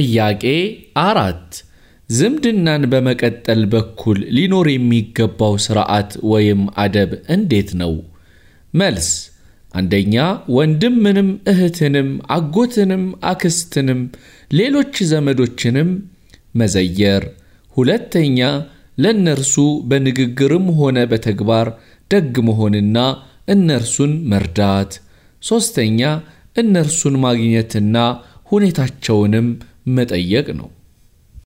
ጥያቄ አራት ዝምድናን በመቀጠል በኩል ሊኖር የሚገባው ስርዓት ወይም አደብ እንዴት ነው? መልስ፣ አንደኛ ወንድምንም፣ እህትንም፣ አጎትንም፣ አክስትንም ሌሎች ዘመዶችንም መዘየር። ሁለተኛ ለእነርሱ በንግግርም ሆነ በተግባር ደግ መሆንና እነርሱን መርዳት። ሦስተኛ እነርሱን ማግኘትና ሁኔታቸውንም መጠየቅ ነው።